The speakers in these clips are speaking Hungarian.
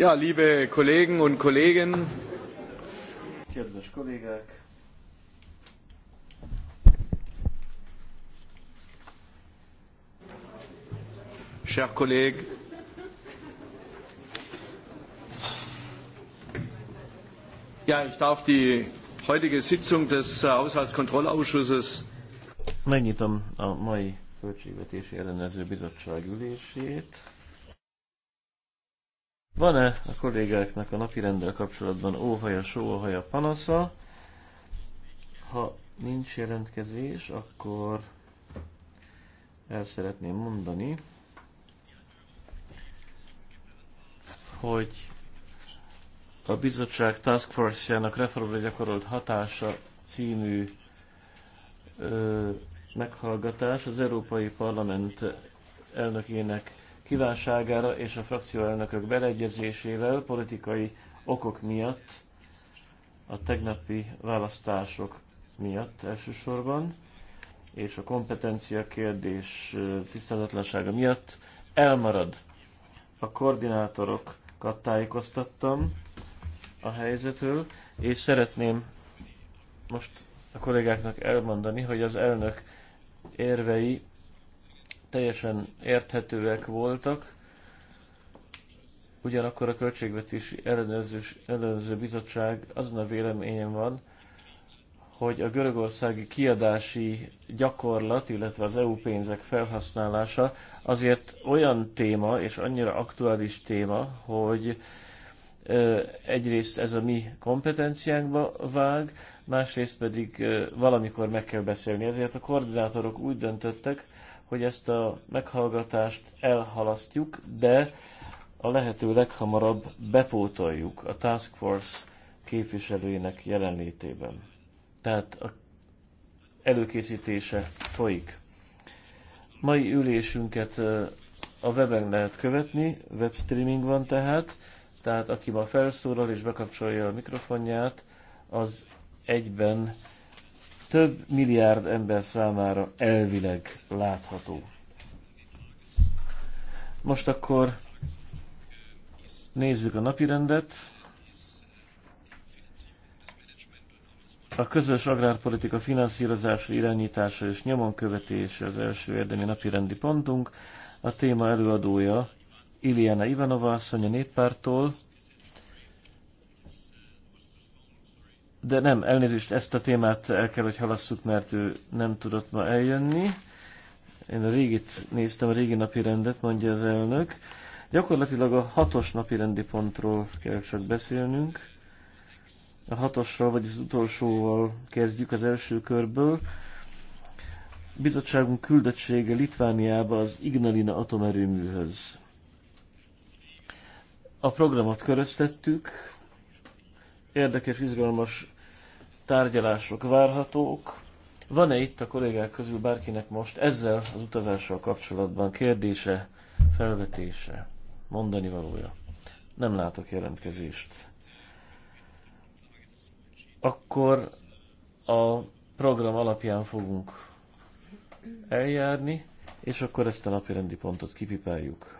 Ja, liebe Kollegen und Kollegen. Kedves kollégák. Cher collègue. Ja, ich darf die heutige Sitzung des äh, Haushaltskontrollausschusses. Megnyitom a mai Költségvetési Ellenező Bizottság ülését. Van-e a kollégáknak a napirenddel kapcsolatban óhaja, sóhaja, panasza? Ha nincs jelentkezés, akkor el szeretném mondani, hogy a bizottság Task Force-jának reformra gyakorolt hatása című ö, meghallgatás az Európai Parlament elnökének kívánságára és a frakcióelnökök beleegyezésével politikai okok miatt, a tegnapi választások miatt elsősorban, és a kompetencia kérdés tisztázatlansága miatt elmarad. A koordinátorokat tájékoztattam a helyzetről, és szeretném most a kollégáknak elmondani, hogy az elnök érvei teljesen érthetőek voltak, ugyanakkor a Költségvetési Ellenőrzős, Ellenőrző Bizottság azon a véleményen van, hogy a görögországi kiadási gyakorlat, illetve az EU pénzek felhasználása azért olyan téma, és annyira aktuális téma, hogy egyrészt ez a mi kompetenciánkba vág, másrészt pedig valamikor meg kell beszélni. Ezért a koordinátorok úgy döntöttek, hogy ezt a meghallgatást elhalasztjuk, de a lehető leghamarabb bepótoljuk a Task Force képviselőinek jelenlétében. Tehát a előkészítése folyik. Mai ülésünket a weben lehet követni, webstreaming van tehát, tehát aki ma felszólal és bekapcsolja a mikrofonját, az egyben több milliárd ember számára elvileg látható. Most akkor nézzük a napirendet. A közös agrárpolitika finanszírozása, irányítása és nyomon követése az első érdemi napirendi pontunk. A téma előadója Iliana Ivanova asszony a néppártól. de nem, elnézést, ezt a témát el kell, hogy halasszuk, mert ő nem tudott ma eljönni. Én a régit néztem, a régi napi rendet, mondja az elnök. Gyakorlatilag a hatos napi rendi pontról kell csak beszélnünk. A hatossal, vagy az utolsóval kezdjük az első körből. Bizottságunk küldöttsége Litvániába az Ignalina atomerőműhöz. A programot köröztettük, érdekes, izgalmas tárgyalások várhatók. Van-e itt a kollégák közül bárkinek most ezzel az utazással kapcsolatban kérdése, felvetése, mondani valója? Nem látok jelentkezést. Akkor a program alapján fogunk eljárni, és akkor ezt a napi rendi pontot kipipáljuk.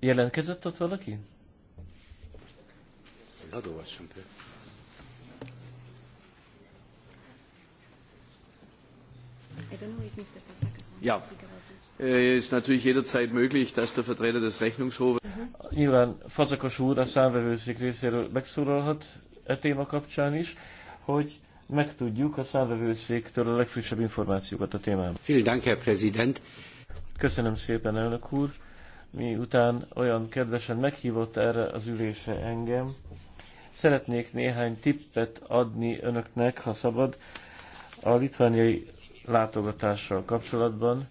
Jelentkezett ott valaki? Ja, ist natürlich jederzeit möglich, dass der Vertreter des Rechnungshofes. Mhm. Nyilván Fazakas úr a számvevőszék részéről megszólalhat e téma kapcsán is, hogy megtudjuk a számvevőszéktől a legfrissebb információkat a témában. Köszönöm szépen, elnök úr miután olyan kedvesen meghívott erre az ülésre engem. Szeretnék néhány tippet adni önöknek, ha szabad, a litvániai látogatással kapcsolatban.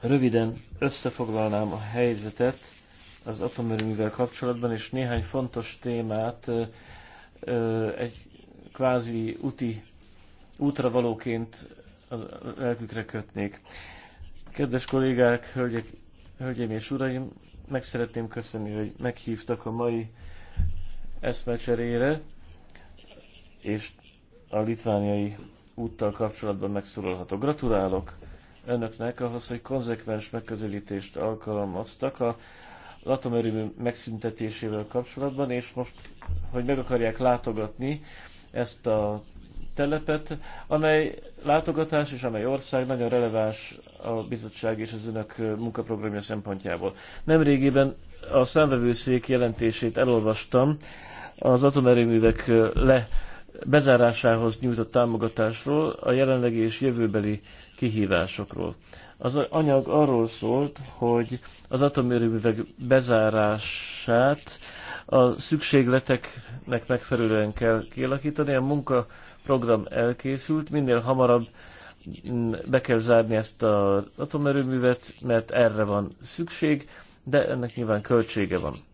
Röviden összefoglalnám a helyzetet az atomerőművel kapcsolatban, és néhány fontos témát egy kvázi úti, útra valóként a lelkükre kötnék. Kedves kollégák, hölgyek Hölgyeim és Uraim, meg szeretném köszönni, hogy meghívtak a mai eszmecserére, és a litvániai úttal kapcsolatban megszólalhatok. Gratulálok önöknek ahhoz, hogy konzekvens megközelítést alkalmaztak a atomerőmű megszüntetésével kapcsolatban, és most, hogy meg akarják látogatni ezt a telepet, amely látogatás és amely ország nagyon releváns a bizottság és az önök munkaprogramja szempontjából. Nemrégiben a számvevőszék jelentését elolvastam az atomerőművek le bezárásához nyújtott támogatásról, a jelenlegi és jövőbeli kihívásokról. Az anyag arról szólt, hogy az atomerőművek bezárását a szükségleteknek megfelelően kell kialakítani, a munka program elkészült, minél hamarabb be kell zárni ezt az atomerőművet, mert erre van szükség, de ennek nyilván költsége van.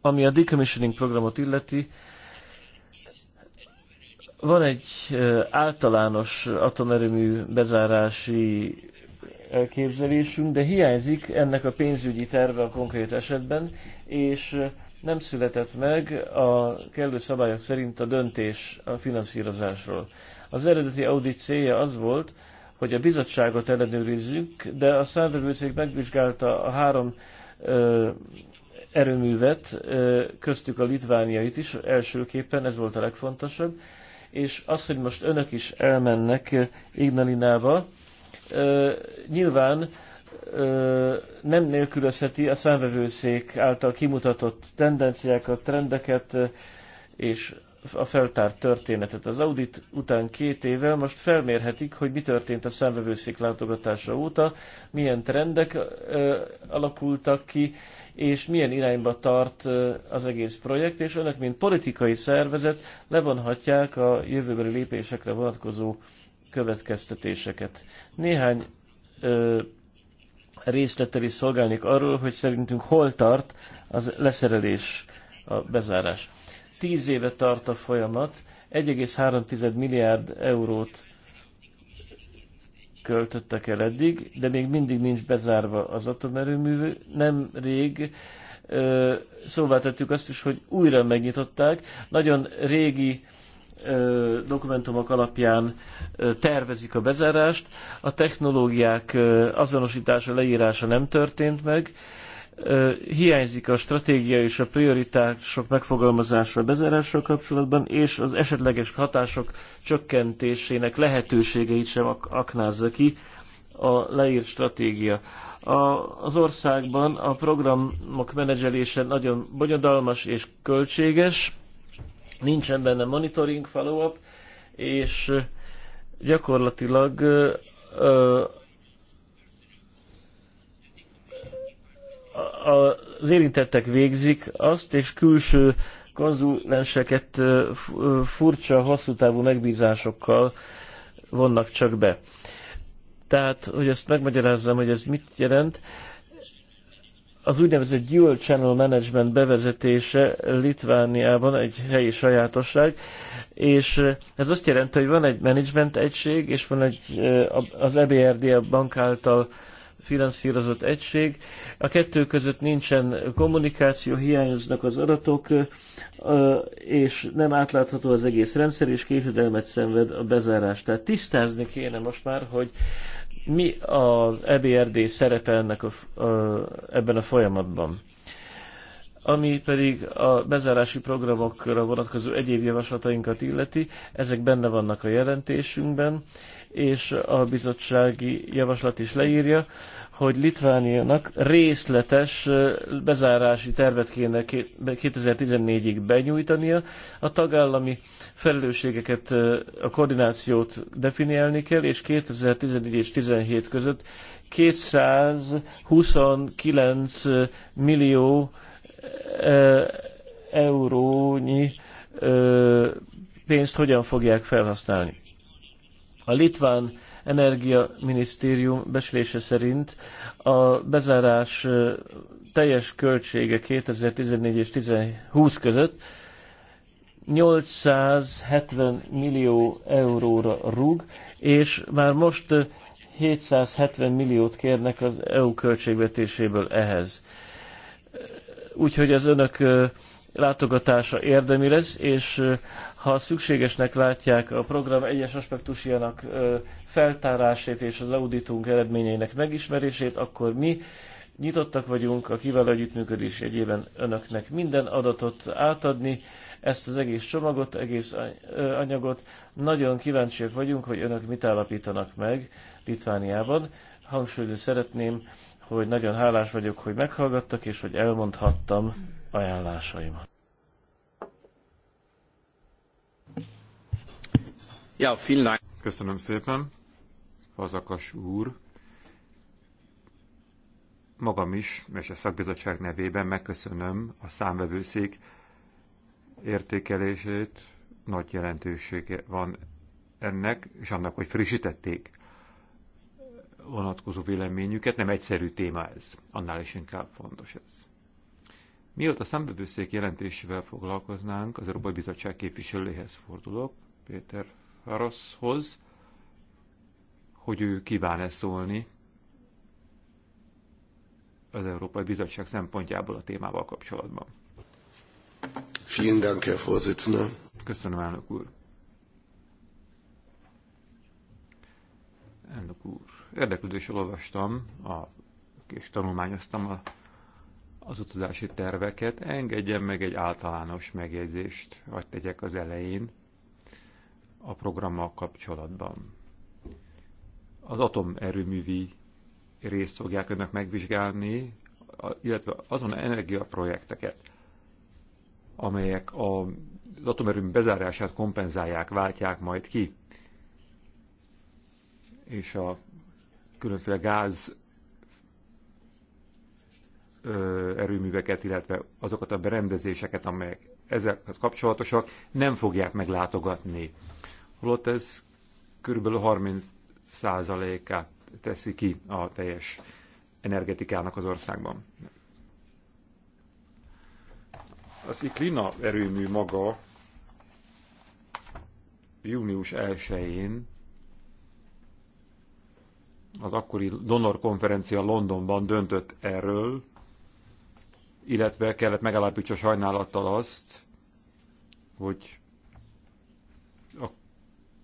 Ami a decommissioning programot illeti, van egy általános atomerőmű bezárási elképzelésünk, de hiányzik ennek a pénzügyi terve a konkrét esetben, és nem született meg a kellő szabályok szerint a döntés a finanszírozásról. Az eredeti audit célja az volt, hogy a bizottságot ellenőrizzük, de a szándevőszék megvizsgálta a három ö, erőművet, ö, köztük a litvániait is elsőképpen, ez volt a legfontosabb, és az, hogy most önök is elmennek Ignalinába, ö, nyilván nem nélkülözheti a számvevőszék által kimutatott tendenciákat, trendeket és a feltárt történetet. Az audit után két évvel most felmérhetik, hogy mi történt a számvevőszék látogatása óta, milyen trendek ö, alakultak ki, és milyen irányba tart ö, az egész projekt, és önök, mint politikai szervezet levonhatják a jövőbeli lépésekre vonatkozó következtetéseket. Néhány ö, részlettel is szolgálnék arról, hogy szerintünk hol tart az leszerelés, a bezárás. Tíz éve tart a folyamat, 1,3 milliárd eurót költöttek el eddig, de még mindig nincs bezárva az atomerőmű. Nem rég szóvá tettük azt is, hogy újra megnyitották. Nagyon régi dokumentumok alapján tervezik a bezárást, a technológiák azonosítása, leírása nem történt meg, hiányzik a stratégia és a prioritások megfogalmazása a bezárással kapcsolatban, és az esetleges hatások csökkentésének lehetőségeit sem aknázza ki a leírt stratégia. A, az országban a programok menedzselése nagyon bonyodalmas és költséges, nincsen benne monitoring follow-up, és gyakorlatilag az érintettek végzik azt, és külső konzulenseket furcsa, hosszú távú megbízásokkal vonnak csak be. Tehát, hogy ezt megmagyarázzam, hogy ez mit jelent, az úgynevezett dual channel management bevezetése Litvániában egy helyi sajátosság, és eh, ez azt jelenti, hogy van egy management egység, és van egy eh, az EBRD a bank által finanszírozott egység. A kettő között nincsen kommunikáció, hiányoznak az adatok, eh, és nem átlátható az egész rendszer, és késedelmet szenved a bezárás. Tehát tisztázni kéne most már, hogy mi az EBRD szerepe ennek a, ebben a folyamatban? Ami pedig a bezárási programokra vonatkozó egyéb javaslatainkat illeti, ezek benne vannak a jelentésünkben és a bizottsági javaslat is leírja, hogy Litvániának részletes bezárási tervet kéne 2014-ig benyújtania, a tagállami felelősségeket, a koordinációt definiálni kell, és 2014 és 2017 között 229 millió eurónyi pénzt hogyan fogják felhasználni. A litván Minisztérium beslése szerint a bezárás teljes költsége 2014 és 2020 között 870 millió euróra rúg, és már most 770 milliót kérnek az EU költségvetéséből ehhez. Úgyhogy az önök látogatása érdemi lesz, és ha szükségesnek látják a program egyes aspektusjának feltárását és az auditunk eredményeinek megismerését, akkor mi nyitottak vagyunk a kiváló együttműködés egyében önöknek minden adatot átadni, ezt az egész csomagot, egész anyagot. Nagyon kíváncsiak vagyunk, hogy önök mit állapítanak meg Litvániában. Hangsúlyozni szeretném, hogy nagyon hálás vagyok, hogy meghallgattak, és hogy elmondhattam ajánlásaimat. Ja, vielen Dank. Köszönöm szépen, Fazakas úr. Magam is, és a szakbizottság nevében megköszönöm a számvevőszék értékelését. Nagy jelentősége van ennek, és annak, hogy frissítették vonatkozó véleményüket. Nem egyszerű téma ez, annál is inkább fontos ez. Mióta a számbevőszék jelentésével foglalkoznánk, az Európai Bizottság képviselőjéhez fordulok, Péter Rosszhoz, hogy ő kíván-e szólni az Európai Bizottság szempontjából a témával kapcsolatban. Vielen Dank, Herr Vorsitzender. Köszönöm, elnök úr. Elnök úr, érdeklődéssel olvastam a, és tanulmányoztam a, az utazási terveket. Engedjen meg egy általános megjegyzést, vagy tegyek az elején a programmal kapcsolatban. Az atomerőművi részt fogják önök megvizsgálni, illetve azon energiaprojekteket, amelyek az atomerőmű bezárását kompenzálják, váltják majd ki, és a különféle gáz erőműveket, illetve azokat a berendezéseket, amelyek ezekhez kapcsolatosak, nem fogják meglátogatni holott ez kb. 30%-át teszi ki a teljes energetikának az országban. Az Sziklina erőmű maga június 1-én az akkori donor konferencia Londonban döntött erről, illetve kellett megállapítsa sajnálattal azt, hogy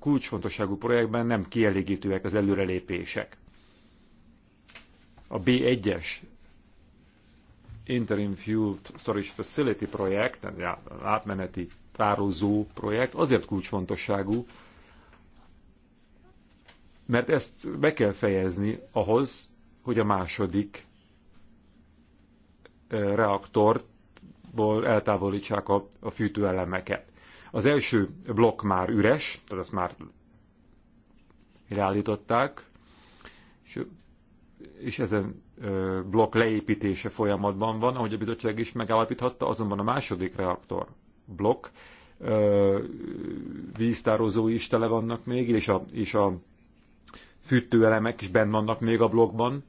kulcsfontosságú projektben nem kielégítőek az előrelépések. A B1-es Interim Fuel Storage Facility projekt, az átmeneti tározó projekt azért kulcsfontosságú, mert ezt be kell fejezni ahhoz, hogy a második eh, reaktorból eltávolítsák a fűtőelemeket. Az első blokk már üres, tehát azt már leállították, és, és ezen blokk leépítése folyamatban van, ahogy a bizottság is megállapíthatta, azonban a második reaktor blokk víztározói is tele vannak még, és a, és a fűtőelemek is benn vannak még a blokkban.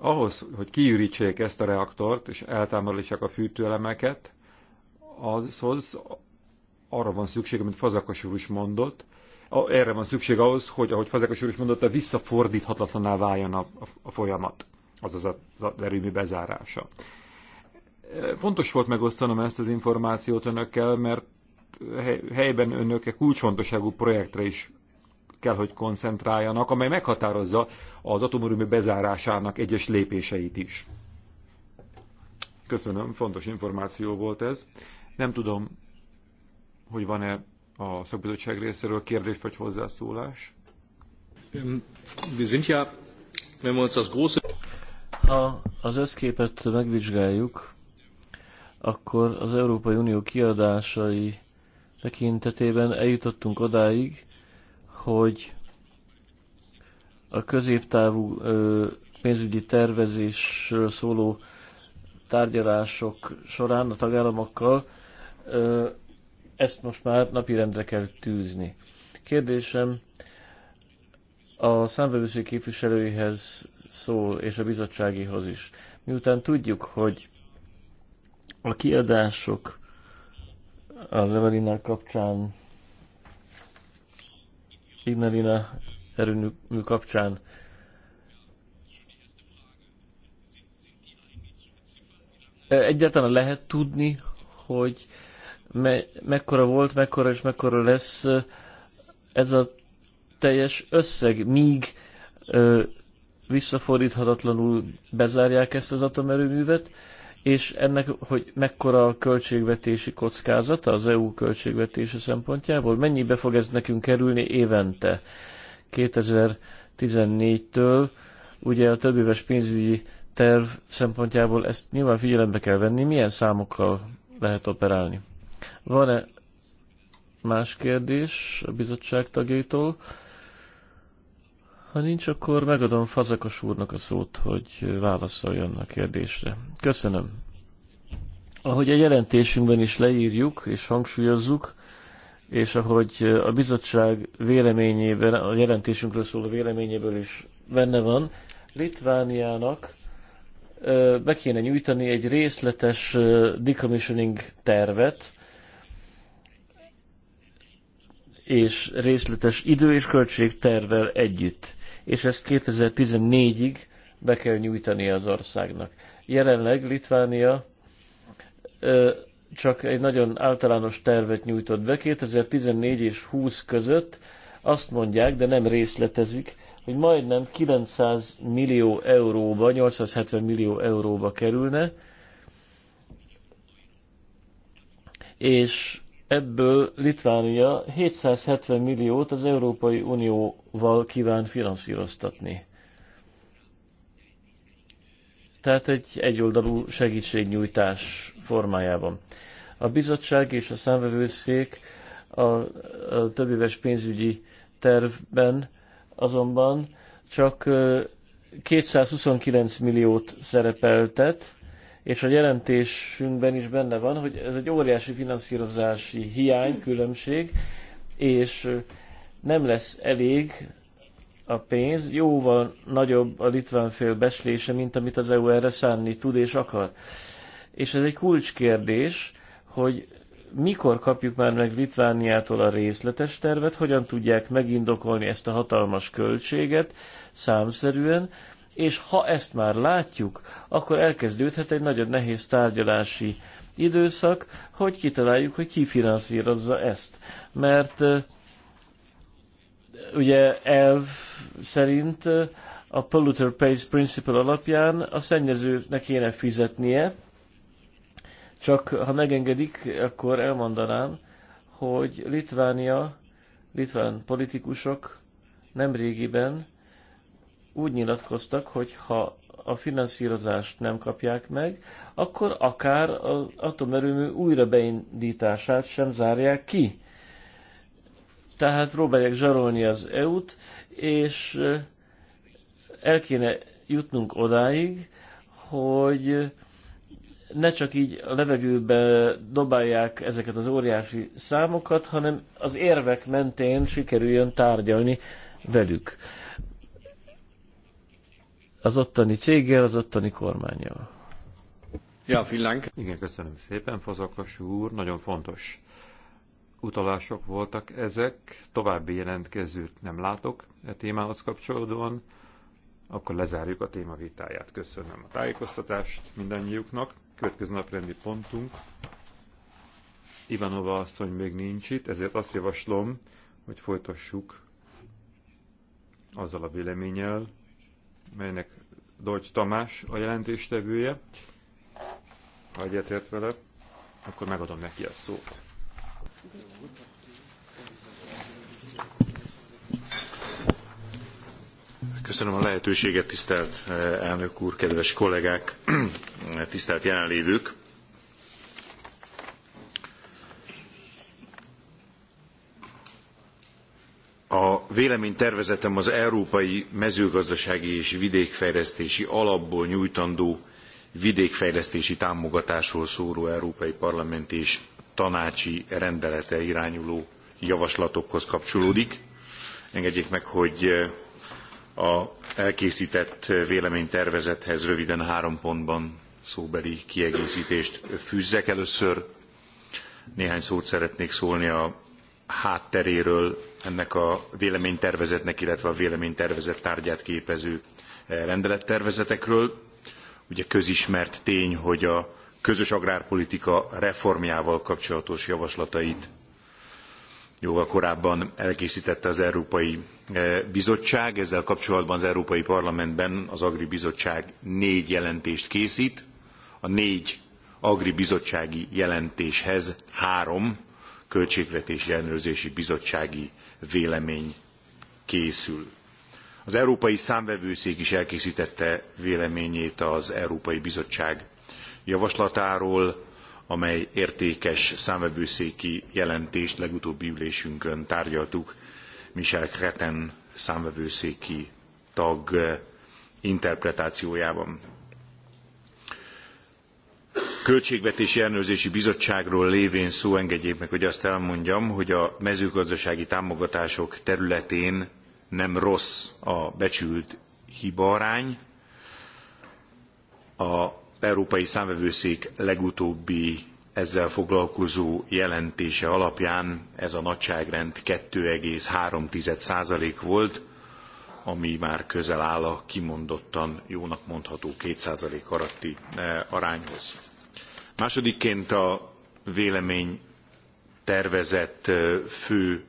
Ahhoz, hogy kiürítsék ezt a reaktort, és eltámadják a fűtőelemeket, azhoz arra van szükség, amit Fazakas úr is mondott, erre van szükség ahhoz, hogy ahogy Fazekas úr is mondotta, visszafordíthatatlaná váljon a, a folyamat, azaz a, az erőmű bezárása. Fontos volt megosztanom ezt az információt önökkel, mert helyben önök egy kulcsfontosságú projektre is kell, hogy koncentráljanak, amely meghatározza az atomerőmű bezárásának egyes lépéseit is. Köszönöm, fontos információ volt ez. Nem tudom, hogy van-e a szakbizottság részéről kérdés vagy hozzászólás. Ha az összképet megvizsgáljuk, akkor az Európai Unió kiadásai tekintetében eljutottunk odáig, hogy a középtávú pénzügyi tervezésről szóló tárgyalások során a tagállamokkal ezt most már napirendre kell tűzni. Kérdésem a számvevőszék képviselőihez szól, és a bizottságihoz is. Miután tudjuk, hogy a kiadások az Evelinnel kapcsán, Ignalina erőmű kapcsán egyáltalán lehet tudni, hogy me, mekkora volt, mekkora és mekkora lesz ez a teljes összeg, míg ö, visszafordíthatatlanul bezárják ezt az atomerőművet, és ennek, hogy mekkora a költségvetési kockázata az EU költségvetése szempontjából, mennyibe fog ez nekünk kerülni évente 2014-től, ugye a többéves pénzügyi terv szempontjából ezt nyilván figyelembe kell venni, milyen számokkal lehet operálni. Van-e más kérdés a bizottság tagjaitól? Ha nincs, akkor megadom Fazakas úrnak a szót, hogy válaszoljon a kérdésre. Köszönöm. Ahogy a jelentésünkben is leírjuk és hangsúlyozzuk, és ahogy a bizottság véleményében, a jelentésünkről szóló véleményéből is benne van, Litvániának be kéne nyújtani egy részletes decommissioning tervet, és részletes idő és költségtervvel együtt. És ezt 2014-ig be kell nyújtani az országnak. Jelenleg Litvánia ö, csak egy nagyon általános tervet nyújtott be. 2014 és 20 között azt mondják, de nem részletezik, hogy majdnem 900 millió euróba, 870 millió euróba kerülne, és ebből Litvánia 770 milliót az Európai Unióval kíván finanszíroztatni. Tehát egy egyoldalú segítségnyújtás formájában. A bizottság és a számvevőszék a, a többéves pénzügyi tervben azonban csak 229 milliót szerepeltet, és a jelentésünkben is benne van, hogy ez egy óriási finanszírozási hiány, különbség, és nem lesz elég a pénz, jóval nagyobb a litván fél beslése, mint amit az EU erre szánni tud és akar. És ez egy kulcskérdés, hogy mikor kapjuk már meg Litvániától a részletes tervet, hogyan tudják megindokolni ezt a hatalmas költséget számszerűen, és ha ezt már látjuk, akkor elkezdődhet egy nagyon nehéz tárgyalási időszak, hogy kitaláljuk, hogy ki finanszírozza ezt. Mert ugye elv szerint a polluter pays principle alapján a szennyezőnek kéne fizetnie, csak ha megengedik, akkor elmondanám, hogy Litvánia, litván politikusok nemrégiben úgy nyilatkoztak, hogy ha a finanszírozást nem kapják meg, akkor akár az atomerőmű újra beindítását sem zárják ki. Tehát próbálják zsarolni az EU-t, és el kéne jutnunk odáig, hogy ne csak így a levegőbe dobálják ezeket az óriási számokat, hanem az érvek mentén sikerüljön tárgyalni velük az ottani céggel, az ottani kormányjal. Ja, Finlánk. Igen, köszönöm szépen, Fazakas úr, nagyon fontos utalások voltak ezek, további jelentkezőt nem látok a e témához kapcsolódóan, akkor lezárjuk a téma vitáját. Köszönöm a tájékoztatást mindannyiuknak. Következő naprendi pontunk. Ivanova asszony még nincs itt, ezért azt javaslom, hogy folytassuk azzal a véleménnyel, melynek Dolcs Tamás a jelentéstevője. Ha egyetért vele, akkor megadom neki a szót. Köszönöm a lehetőséget, tisztelt eh, elnök úr, kedves kollégák, tisztelt jelenlévők! A véleménytervezetem az Európai Mezőgazdasági és Vidékfejlesztési Alapból nyújtandó vidékfejlesztési támogatásról szóró Európai Parlament és tanácsi rendelete irányuló javaslatokhoz kapcsolódik. Engedjék meg, hogy eh, a elkészített véleménytervezethez röviden három pontban szóbeli kiegészítést fűzzek. Először néhány szót szeretnék szólni a hátteréről ennek a véleménytervezetnek, illetve a véleménytervezet tárgyát képező eh, rendelettervezetekről. Ugye közismert tény, hogy a közös agrárpolitika reformjával kapcsolatos javaslatait jóval korábban elkészítette az Európai eh, Bizottság. Ezzel kapcsolatban az Európai Parlamentben az Agri Bizottság négy jelentést készít. A négy Agri Bizottsági jelentéshez három Költségvetési Ellenőrzési Bizottsági vélemény készül. Az Európai Számvevőszék is elkészítette véleményét az Európai Bizottság javaslatáról, amely értékes számvevőszéki jelentést legutóbbi ülésünkön tárgyaltuk Michel Kreten számvevőszéki tag interpretációjában. Költségvetési Ellenőrzési Bizottságról lévén szó engedjék meg, hogy azt elmondjam, hogy a mezőgazdasági támogatások területén nem rossz a becsült hibaarány. A Európai Számvevőszék legutóbbi ezzel foglalkozó jelentése alapján ez a nagyságrend 2,3% volt, ami már közel áll a kimondottan jónak mondható 2% aratti eh, arányhoz. Másodikként a vélemény tervezett fő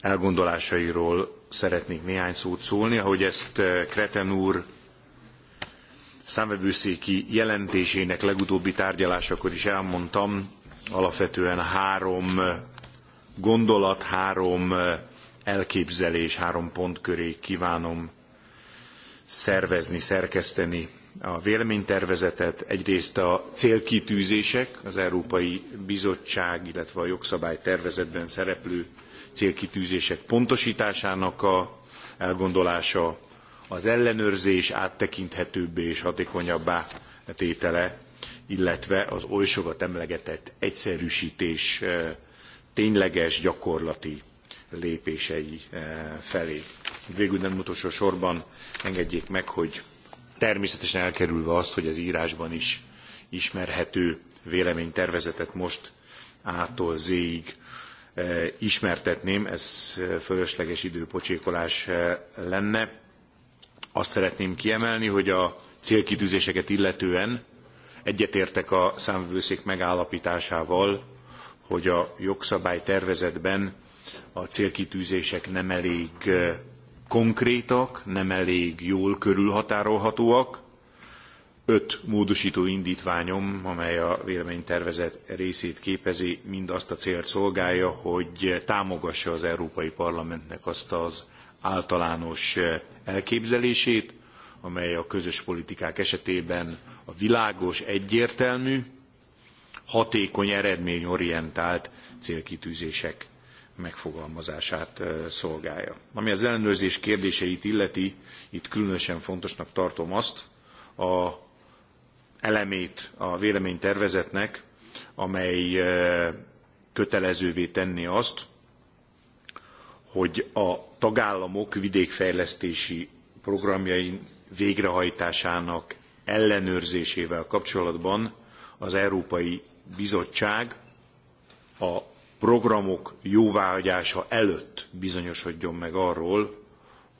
elgondolásairól szeretnék néhány szót szólni, ahogy ezt Kreten úr számvevőszéki jelentésének legutóbbi tárgyalásakor is elmondtam, alapvetően három gondolat, három elképzelés, három pont köré kívánom szervezni, szerkeszteni a véleménytervezetet, egyrészt a célkitűzések, az Európai Bizottság, illetve a jogszabálytervezetben szereplő célkitűzések pontosításának a elgondolása, az ellenőrzés áttekinthetőbbé és hatékonyabbá tétele, illetve az oly sokat emlegetett egyszerűsítés eh, tényleges gyakorlati lépései eh, felé. Végül nem utolsó sorban engedjék meg, hogy természetesen elkerülve azt, hogy az írásban is ismerhető véleménytervezetet most A-tól Z-ig eh, ismertetném, ez eh, fölösleges időpocsékolás eh, lenne. Azt szeretném kiemelni, hogy a célkitűzéseket illetően egyetértek a számvevőszék megállapításával, hogy a jogszabálytervezetben a célkitűzések nem elég konkrétak, nem elég jól körülhatárolhatóak. Öt módosító indítványom, amely a véleménytervezet részét képezi, mind azt a célt szolgálja, hogy támogassa az Európai Parlamentnek azt az általános elképzelését, amely a közös politikák esetében a világos, egyértelmű, hatékony, eredményorientált célkitűzések megfogalmazását szolgálja. Ami az ellenőrzés kérdéseit illeti, itt különösen fontosnak tartom azt a elemét a véleménytervezetnek, amely kötelezővé tenni azt, hogy a tagállamok vidékfejlesztési programjain végrehajtásának ellenőrzésével kapcsolatban az Európai Bizottság a programok jóváhagyása előtt bizonyosodjon meg arról,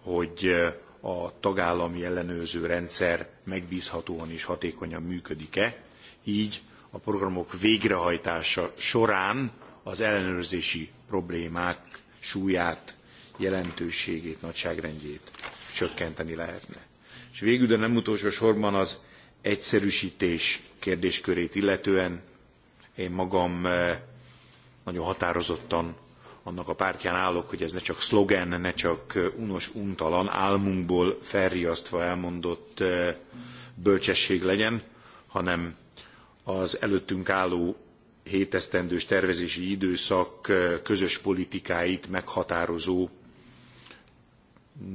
hogy eh, a tagállami ellenőrző rendszer megbízhatóan és hatékonyan működik-e, így a programok végrehajtása során az ellenőrzési problémák súlyát, jelentőségét, nagyságrendjét csökkenteni lehetne. És végül, de nem utolsó sorban az egyszerűsítés kérdéskörét illetően én magam eh, nagyon határozottan annak a pártján állok, hogy ez ne csak szlogen, ne csak unos, untalan, álmunkból felriasztva elmondott bölcsesség legyen, hanem az előttünk álló hétesztendős tervezési időszak közös politikáit meghatározó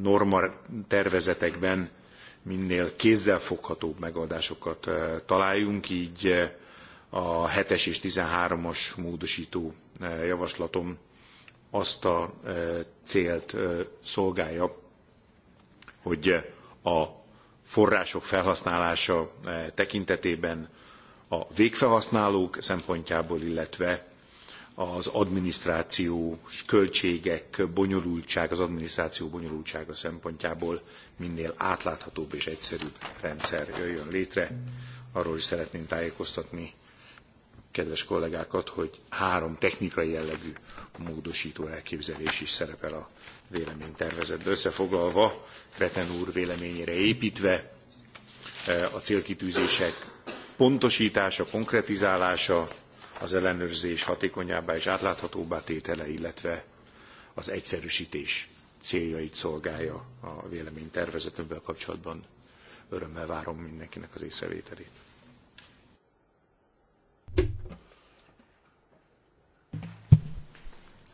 norma tervezetekben minél kézzelfoghatóbb megoldásokat találjunk, így a 7-es és 13-as módosító e, javaslatom azt a e, célt e, szolgálja, hogy a források felhasználása tekintetében a végfelhasználók szempontjából, illetve az adminisztrációs költségek bonyolultság, az adminisztráció bonyolultsága szempontjából minél átláthatóbb és egyszerűbb rendszer jöjjön létre. Arról is szeretném tájékoztatni kedves kollégákat, hogy három technikai jellegű módosító elképzelés is szerepel a véleménytervezetben. Összefoglalva, Kreten úr véleményére építve, e, a célkitűzések pontosítása, konkretizálása, az ellenőrzés hatékonyabbá és átláthatóbbá tétele, illetve az egyszerűsítés céljait szolgálja a véleménytervezetünkkel kapcsolatban. Örömmel várom mindenkinek az észrevételét.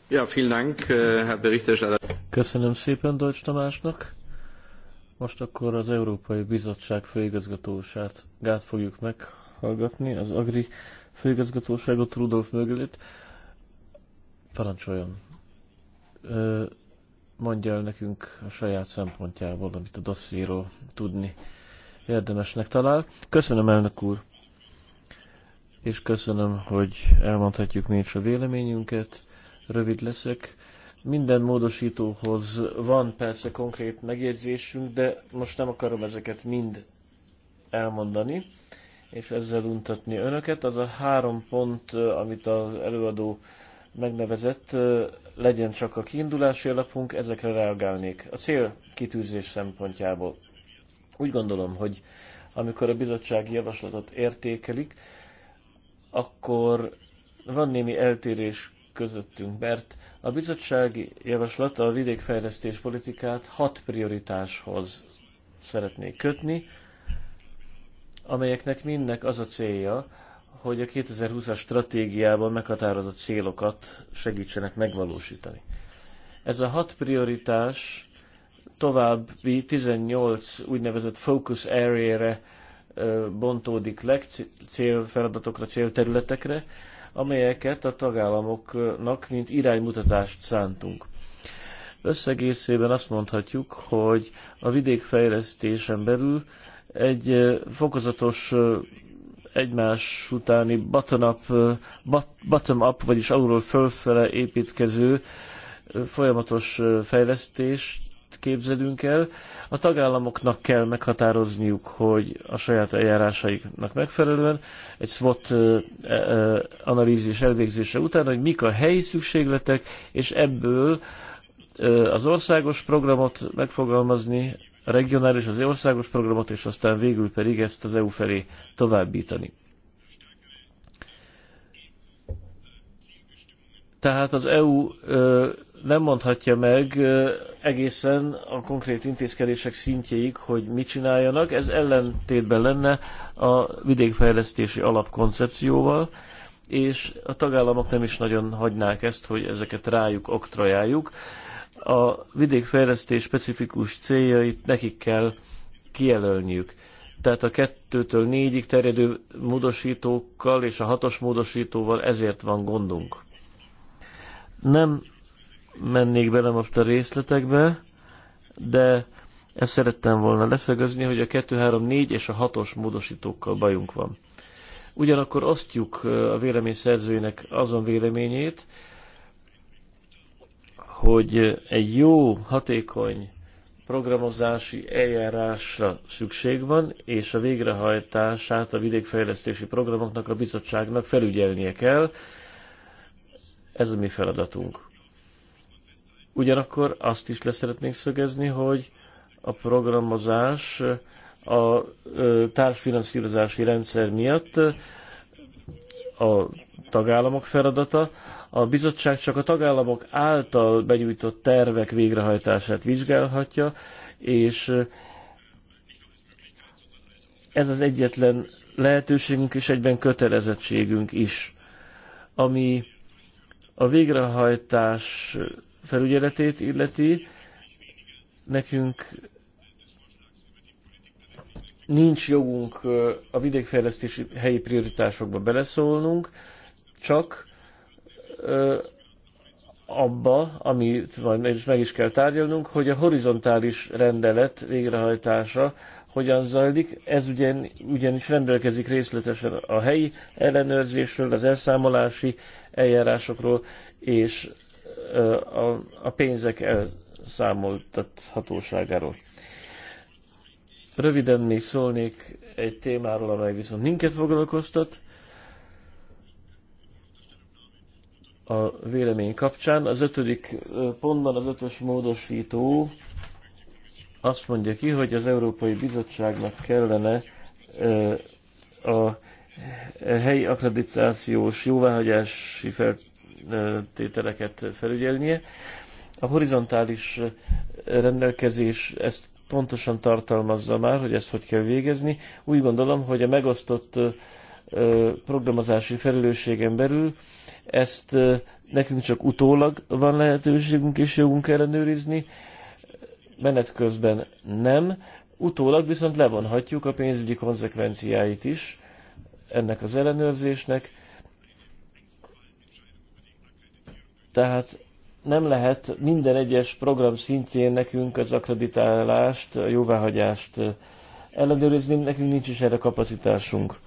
Ja, vielen Dank, äh, Herr Berichterstatter. Köszönöm szépen Deutsch Tamásnak. Most akkor az Európai Bizottság főigazgatósát gát fogjuk meghallgatni, az Agri főigazgatóságot, Rudolf Mögölit. Parancsoljon. mondja el nekünk a saját szempontjából, amit a dossziéról tudni érdemesnek talál. Köszönöm, elnök úr! És köszönöm, hogy elmondhatjuk mi is a véleményünket rövid leszek. Minden módosítóhoz van persze konkrét megjegyzésünk, de most nem akarom ezeket mind elmondani, és ezzel untatni önöket. Az a három pont, amit az előadó megnevezett, legyen csak a kiindulási alapunk, ezekre reagálnék. A cél kitűzés szempontjából. Úgy gondolom, hogy amikor a bizottsági javaslatot értékelik, akkor van némi eltérés közöttünk, mert a bizottsági javaslat a vidékfejlesztés politikát hat prioritáshoz szeretné kötni, amelyeknek mindnek az a célja, hogy a 2020-as stratégiában meghatározott célokat segítsenek megvalósítani. Ez a hat prioritás további 18 úgynevezett focus area-re bontódik le, célfeladatokra, célterületekre, amelyeket a tagállamoknak mint iránymutatást szántunk. Összegészében azt mondhatjuk, hogy a vidékfejlesztésen belül egy fokozatos egymás utáni bottom-up, bottom vagyis alulról fölfele építkező folyamatos fejlesztést képzelünk el. A tagállamoknak kell meghatározniuk, hogy a saját eljárásaiknak megfelelően egy SWOT analízis elvégzése után, hogy mik a helyi szükségletek, és ebből az országos programot megfogalmazni, a regionális, az országos programot, és aztán végül pedig ezt az EU felé továbbítani. Tehát az EU nem mondhatja meg egészen a konkrét intézkedések szintjéig, hogy mit csináljanak. Ez ellentétben lenne a vidékfejlesztési alapkoncepcióval, és a tagállamok nem is nagyon hagynák ezt, hogy ezeket rájuk oktrajáljuk. A vidékfejlesztés specifikus céljait nekik kell kijelölniük. Tehát a kettőtől négyig terjedő módosítókkal és a hatos módosítóval ezért van gondunk. Nem mennék bele most a részletekbe, de ezt szerettem volna leszögezni, hogy a 2, 3, 4 és a 6-os módosítókkal bajunk van. Ugyanakkor osztjuk a vélemény szerzőinek azon véleményét, hogy egy jó, hatékony programozási eljárásra szükség van, és a végrehajtását a vidékfejlesztési programoknak a bizottságnak felügyelnie kell. Ez a mi feladatunk. Ugyanakkor azt is leszeretnénk szögezni, hogy a programozás a társfinanszírozási rendszer miatt a tagállamok feladata, a bizottság csak a tagállamok által begyújtott tervek végrehajtását vizsgálhatja, és ez az egyetlen lehetőségünk és egyben kötelezettségünk is, ami a végrehajtás felügyeletét illeti, nekünk nincs jogunk a vidékfejlesztési helyi prioritásokba beleszólnunk, csak abba, amit majd meg is kell tárgyalnunk, hogy a horizontális rendelet végrehajtása hogyan zajlik. Ez ugyan, ugyanis rendelkezik részletesen a helyi ellenőrzésről, az elszámolási eljárásokról és a pénzek elszámoltathatóságáról. Röviden még szólnék egy témáról, amely viszont minket foglalkoztat. A vélemény kapcsán az ötödik pontban az ötös módosító azt mondja ki, hogy az Európai Bizottságnak kellene a helyi akkreditációs jóváhagyási feltétlenül tételeket felügyelnie. A horizontális rendelkezés ezt pontosan tartalmazza már, hogy ezt hogy kell végezni. Úgy gondolom, hogy a megosztott programozási felelősségen belül ezt nekünk csak utólag van lehetőségünk és jogunk ellenőrizni, menet közben nem, utólag viszont levonhatjuk a pénzügyi konzekvenciáit is ennek az ellenőrzésnek, Tehát nem lehet minden egyes program szintjén nekünk az akreditálást, a jóváhagyást ellenőrizni, nekünk nincs is erre kapacitásunk.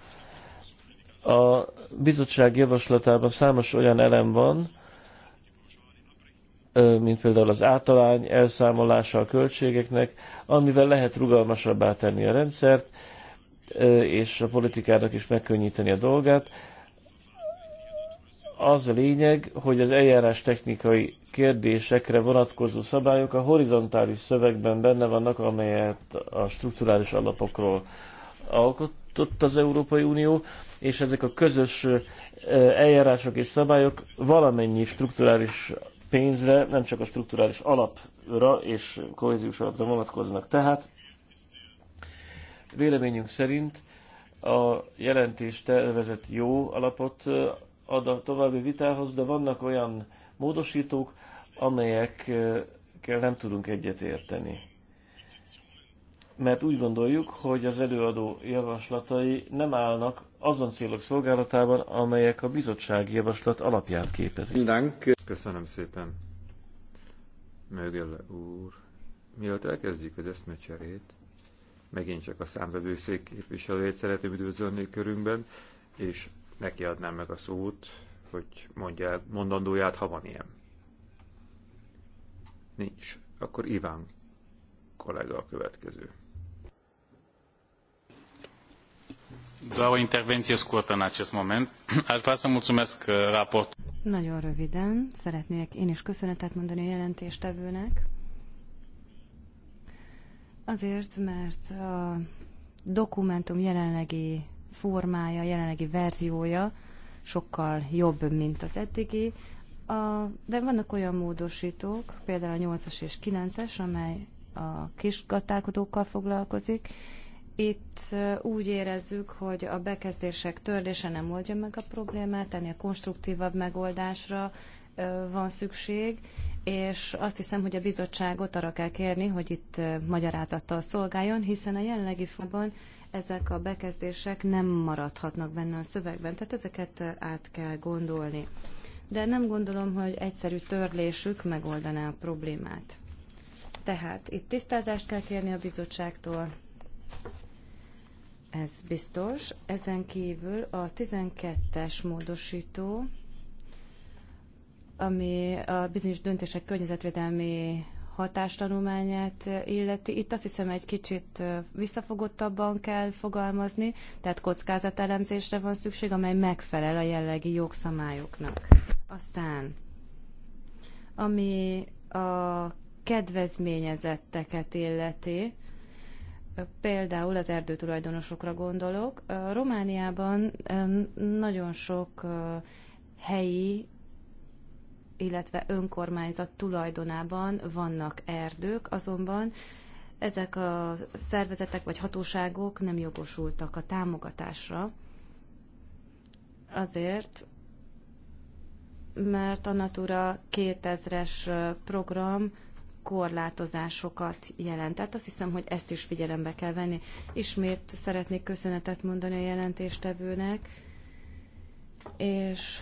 A bizottság javaslatában számos olyan elem van, mint például az általány elszámolása a költségeknek, amivel lehet rugalmasabbá tenni a rendszert, és a politikának is megkönnyíteni a dolgát az a lényeg, hogy az eljárás technikai kérdésekre vonatkozó szabályok a horizontális szövegben benne vannak, amelyet a strukturális alapokról alkotott az Európai Unió, és ezek a közös eljárások és szabályok valamennyi strukturális pénzre, nem csak a strukturális alapra és kohéziós alapra vonatkoznak. Tehát véleményünk szerint a jelentés tervezett jó alapot ad a további vitához, de vannak olyan módosítók, amelyekkel nem tudunk egyetérteni. Mert úgy gondoljuk, hogy az előadó javaslatai nem állnak azon célok szolgálatában, amelyek a bizottsági javaslat alapját képezik. Köszönöm szépen, Mögele úr. Mielőtt elkezdjük az eszmecserét, megint csak a számvevőszék képviselőjét szeretném üdvözölni körünkben, és neki adnám meg a szót, hogy mondja mondandóját, ha van ilyen. Nincs. Akkor Iván kollega a következő. Doar o intervenție scurtă în acest moment. Aș vrea să mulțumesc uh, raport. Nagyon röviden, szeretnék én is köszönetet mondani a jelentéstevőnek. Azért, mert a dokumentum jelenlegi formája, jelenlegi verziója sokkal jobb, mint az eddigi. A, de vannak olyan módosítók, például a 8-as és 9-es, amely a kis gazdálkodókkal foglalkozik. Itt úgy érezzük, hogy a bekezdések törlése nem oldja meg a problémát, ennél konstruktívabb megoldásra van szükség, és azt hiszem, hogy a bizottságot arra kell kérni, hogy itt magyarázattal szolgáljon, hiszen a jelenlegi fogban ezek a bekezdések nem maradhatnak benne a szövegben, tehát ezeket át kell gondolni. De nem gondolom, hogy egyszerű törlésük megoldaná a problémát. Tehát itt tisztázást kell kérni a bizottságtól, ez biztos. Ezen kívül a 12-es módosító, ami a bizonyos döntések környezetvédelmi hatástanulmányát illeti. Itt azt hiszem egy kicsit visszafogottabban kell fogalmazni, tehát kockázatelemzésre van szükség, amely megfelel a jellegi jogszabályoknak. Aztán, ami a kedvezményezetteket illeti, például az erdőtulajdonosokra gondolok. Romániában nagyon sok helyi illetve önkormányzat tulajdonában vannak erdők, azonban ezek a szervezetek vagy hatóságok nem jogosultak a támogatásra, azért, mert a Natura 2000-es program korlátozásokat jelentett. Azt hiszem, hogy ezt is figyelembe kell venni. Ismét szeretnék köszönetet mondani a jelentéstevőnek, és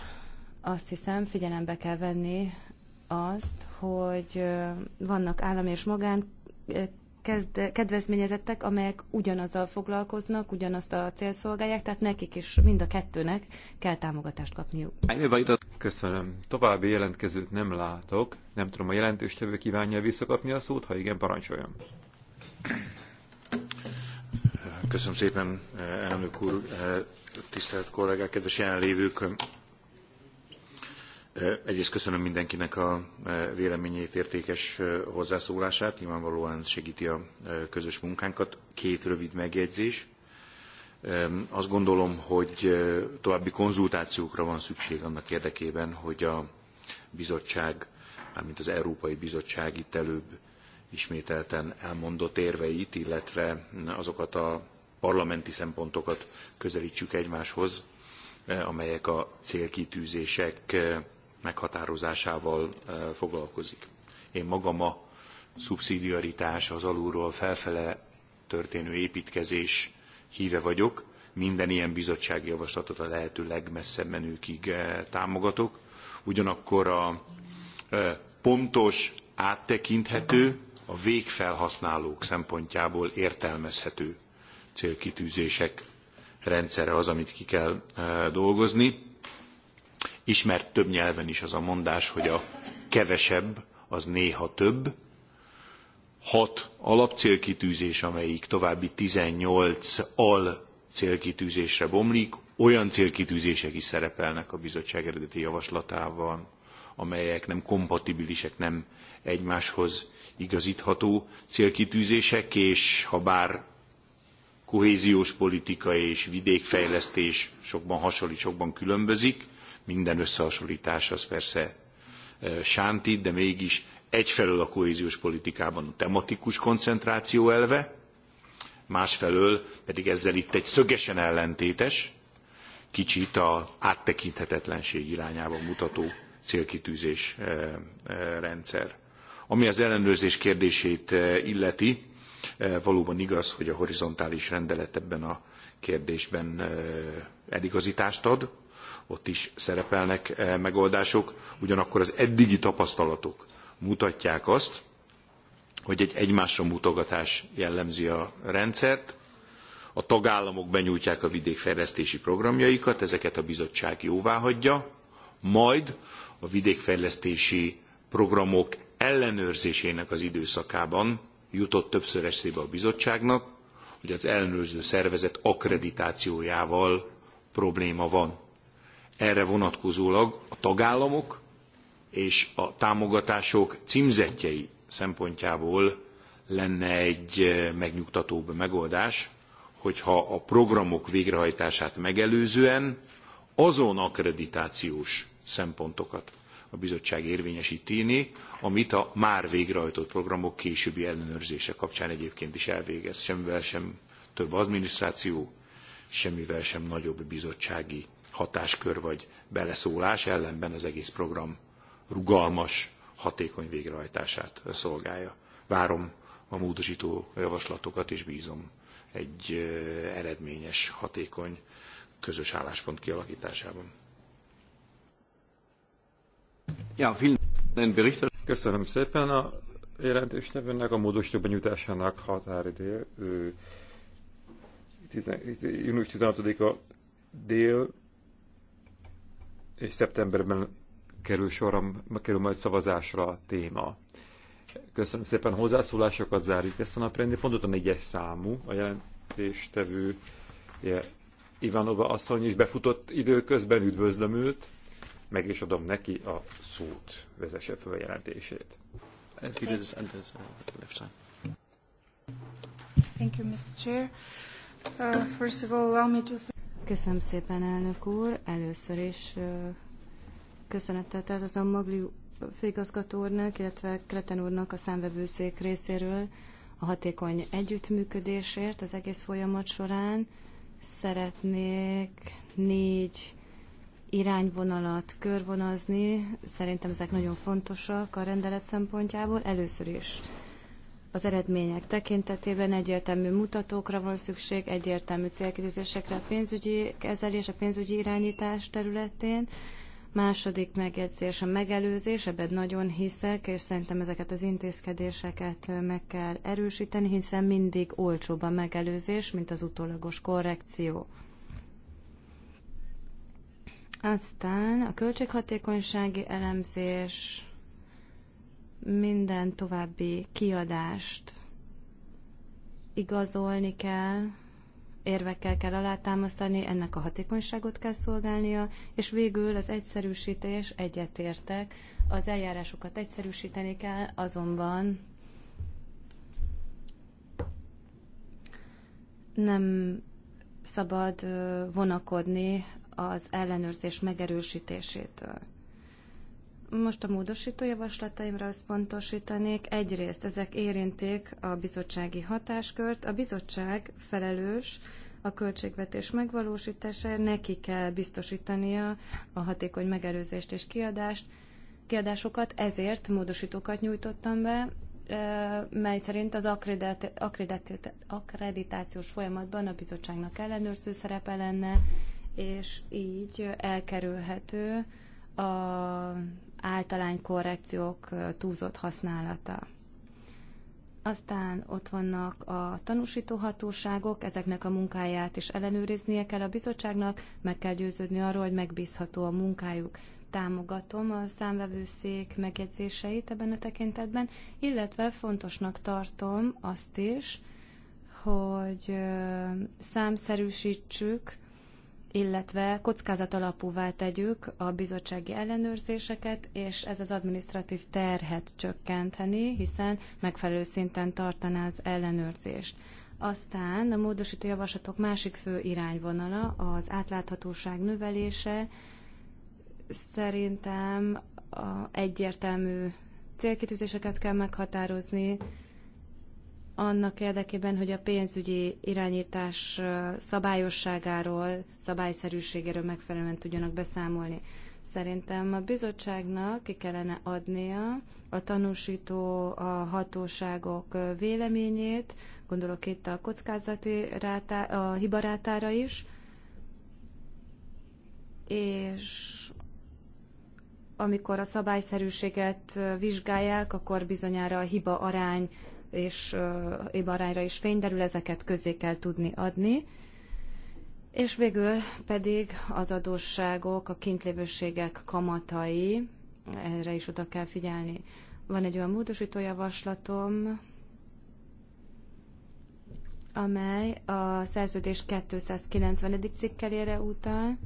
azt hiszem, figyelembe kell venni azt, hogy vannak állami és magán kedvezményezettek, amelyek ugyanazzal foglalkoznak, ugyanazt a célszolgálják, tehát nekik is mind a kettőnek kell támogatást kapniuk. Köszönöm. További jelentkezőt nem látok. Nem tudom, a jelentőstevő kívánja visszakapni a szót, ha igen, parancsoljon. Köszönöm szépen, elnök úr, tisztelt kollégák, kedves jelenlévők! Egyrészt köszönöm mindenkinek a véleményét, értékes hozzászólását, nyilvánvalóan segíti a közös munkánkat. Két rövid megjegyzés. Azt gondolom, hogy további konzultációkra van szükség annak érdekében, hogy a bizottság, mármint az Európai Bizottság itt előbb ismételten elmondott érveit, illetve azokat a parlamenti szempontokat közelítsük egymáshoz, amelyek a célkitűzések meghatározásával foglalkozik. Én magam a szubszidiaritás, az alulról felfele történő építkezés híve vagyok. Minden ilyen bizottsági javaslatot a lehető legmesszebb menőkig támogatok. Ugyanakkor a pontos, áttekinthető, a végfelhasználók szempontjából értelmezhető célkitűzések rendszere az, amit ki kell dolgozni Ismert több nyelven is az a mondás, hogy a kevesebb az néha több. Hat alapcélkitűzés, amelyik további 18 al célkitűzésre bomlik, olyan célkitűzések is szerepelnek a bizottság eredeti javaslatában, amelyek nem kompatibilisek, nem egymáshoz igazítható célkitűzések, és ha bár kohéziós politika és vidékfejlesztés sokban hasonlít, sokban különbözik, minden összehasonlítás az persze sánti, de mégis egyfelől a kohéziós politikában a tematikus koncentráció elve, másfelől pedig ezzel itt egy szögesen ellentétes, kicsit a áttekinthetetlenség irányába mutató célkitűzés rendszer. Ami az ellenőrzés kérdését illeti, valóban igaz, hogy a horizontális rendelet ebben a kérdésben eligazítást ad, ott is szerepelnek eh, megoldások, ugyanakkor az eddigi tapasztalatok mutatják azt, hogy egy egymásra mutogatás jellemzi a rendszert, a tagállamok benyújtják a vidékfejlesztési programjaikat, ezeket a bizottság jóváhagyja, majd a vidékfejlesztési programok ellenőrzésének az időszakában jutott többször eszébe a bizottságnak, hogy az ellenőrző szervezet akkreditációjával probléma van erre vonatkozólag a tagállamok és a támogatások címzetjei szempontjából lenne egy eh, megnyugtatóbb megoldás, hogyha a programok végrehajtását megelőzően azon akkreditációs szempontokat a bizottság érvényesíteni, amit a már végrehajtott programok későbbi ellenőrzése kapcsán egyébként is elvégez. Semmivel sem több adminisztráció, semmivel sem nagyobb bizottsági hatáskör vagy beleszólás, ellenben az egész program rugalmas, hatékony végrehajtását szolgálja. Várom a módosító javaslatokat, és bízom egy eredményes, hatékony közös álláspont kialakításában. Ja, Köszönöm szépen a jelentéstevőnek, a módosító benyújtásának határidő. 10, június 16-a dél és szeptemberben kerül sorra, kerül majd szavazásra a téma. Köszönöm szépen hozzászólásokat, zárjuk ezt a naprendi pontot, a négyes számú, a jelentéstevő Ivanova asszony is befutott időközben, üdvözlöm őt, meg is adom neki a szót, vezesse föl a jelentését. Uh, thank you, Mr. Chair. Uh, first of all, allow me to Köszönöm szépen, elnök úr. Először is köszönettel tartozom Magli főigazgató úrnak, illetve Kreten úrnak a számvevőszék részéről a hatékony együttműködésért az egész folyamat során. Szeretnék négy irányvonalat körvonazni. Szerintem ezek nagyon fontosak a rendelet szempontjából. Először is az eredmények tekintetében egyértelmű mutatókra van szükség, egyértelmű célkitűzésekre a pénzügyi kezelés, a pénzügyi irányítás területén. Második megjegyzés a megelőzés, ebben nagyon hiszek, és szerintem ezeket az intézkedéseket meg kell erősíteni, hiszen mindig olcsóbb a megelőzés, mint az utólagos korrekció. Aztán a költséghatékonysági elemzés, minden további kiadást igazolni kell, érvekkel kell alátámasztani, ennek a hatékonyságot kell szolgálnia, és végül az egyszerűsítés egyetértek. Az eljárásokat egyszerűsíteni kell, azonban nem szabad vonakodni az ellenőrzés megerősítésétől. Most a módosító javaslataimra összpontosítanék. Egyrészt ezek érintik a bizottsági hatáskört. A bizottság felelős a költségvetés megvalósításáért, neki kell biztosítania a hatékony megelőzést és kiadást, kiadásokat, ezért módosítókat nyújtottam be, mely szerint az akkreditációs folyamatban a bizottságnak ellenőrző szerepe lenne, és így elkerülhető a általány korrekciók túlzott használata. Aztán ott vannak a tanúsítóhatóságok, ezeknek a munkáját is ellenőriznie kell a bizottságnak, meg kell győződni arról, hogy megbízható a munkájuk. Támogatom a számvevőszék megjegyzéseit ebben a tekintetben, illetve fontosnak tartom azt is, hogy számszerűsítsük illetve kockázat alapúvá tegyük a bizottsági ellenőrzéseket, és ez az administratív terhet csökkenteni, hiszen megfelelő szinten tartaná az ellenőrzést. Aztán a módosító javaslatok másik fő irányvonala az átláthatóság növelése. Szerintem a egyértelmű célkitűzéseket kell meghatározni, annak érdekében, hogy a pénzügyi irányítás szabályosságáról, szabályszerűségéről megfelelően tudjanak beszámolni. Szerintem a bizottságnak ki kellene adnia a tanúsító a hatóságok véleményét, gondolok itt a kockázati rátá, a hibarátára is, és amikor a szabályszerűséget vizsgálják, akkor bizonyára a hiba arány és ébarányra is fényderül, ezeket közé kell tudni adni. És végül pedig az adósságok, a kintlévőségek kamatai, erre is oda kell figyelni. Van egy olyan módosító javaslatom, amely a szerződés 290. cikkelére utal,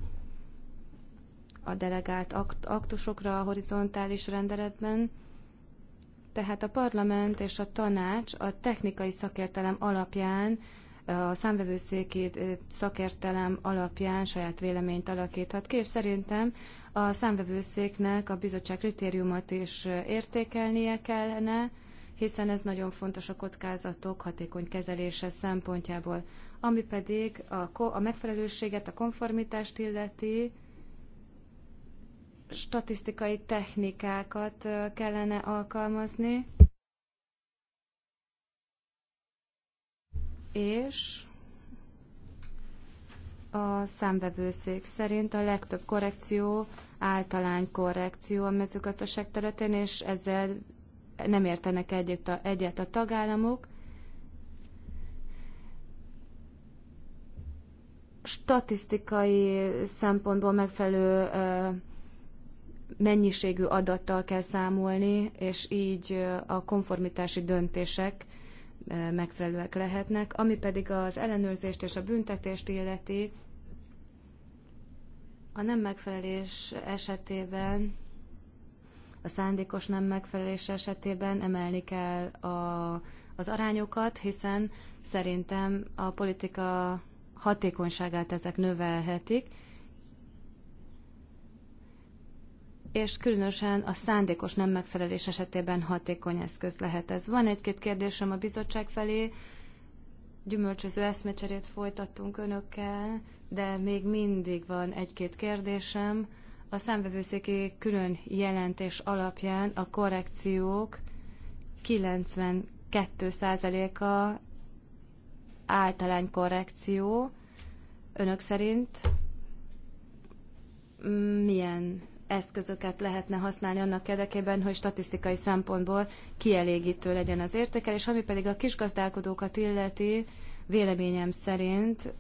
a delegált akt- aktusokra a horizontális rendeletben, tehát a parlament és a tanács a technikai szakértelem alapján, a számvevőszéki szakértelem alapján saját véleményt alakíthat ki, és szerintem a számvevőszéknek a bizottság kritériumot is értékelnie kellene, hiszen ez nagyon fontos a kockázatok hatékony kezelése szempontjából. Ami pedig a, a megfelelőséget, a konformitást illeti, statisztikai technikákat kellene alkalmazni, és a számbevőszék szerint a legtöbb korrekció általány korrekció a mezőgazdaság területén, és ezzel nem értenek egyet a tagállamok. Statisztikai szempontból megfelelő mennyiségű adattal kell számolni, és így a konformitási döntések megfelelőek lehetnek. Ami pedig az ellenőrzést és a büntetést illeti, a nem megfelelés esetében, a szándékos nem megfelelés esetében emelni kell a, az arányokat, hiszen szerintem a politika hatékonyságát ezek növelhetik, és különösen a szándékos nem megfelelés esetében hatékony eszköz lehet ez. Van egy-két kérdésem a bizottság felé, gyümölcsöző eszmecserét folytattunk önökkel, de még mindig van egy-két kérdésem. A számvevőszéki külön jelentés alapján a korrekciók 92%-a általány korrekció. Önök szerint milyen eszközöket lehetne használni annak érdekében, hogy statisztikai szempontból kielégítő legyen az értékelés, ami pedig a kisgazdálkodókat illeti, véleményem szerint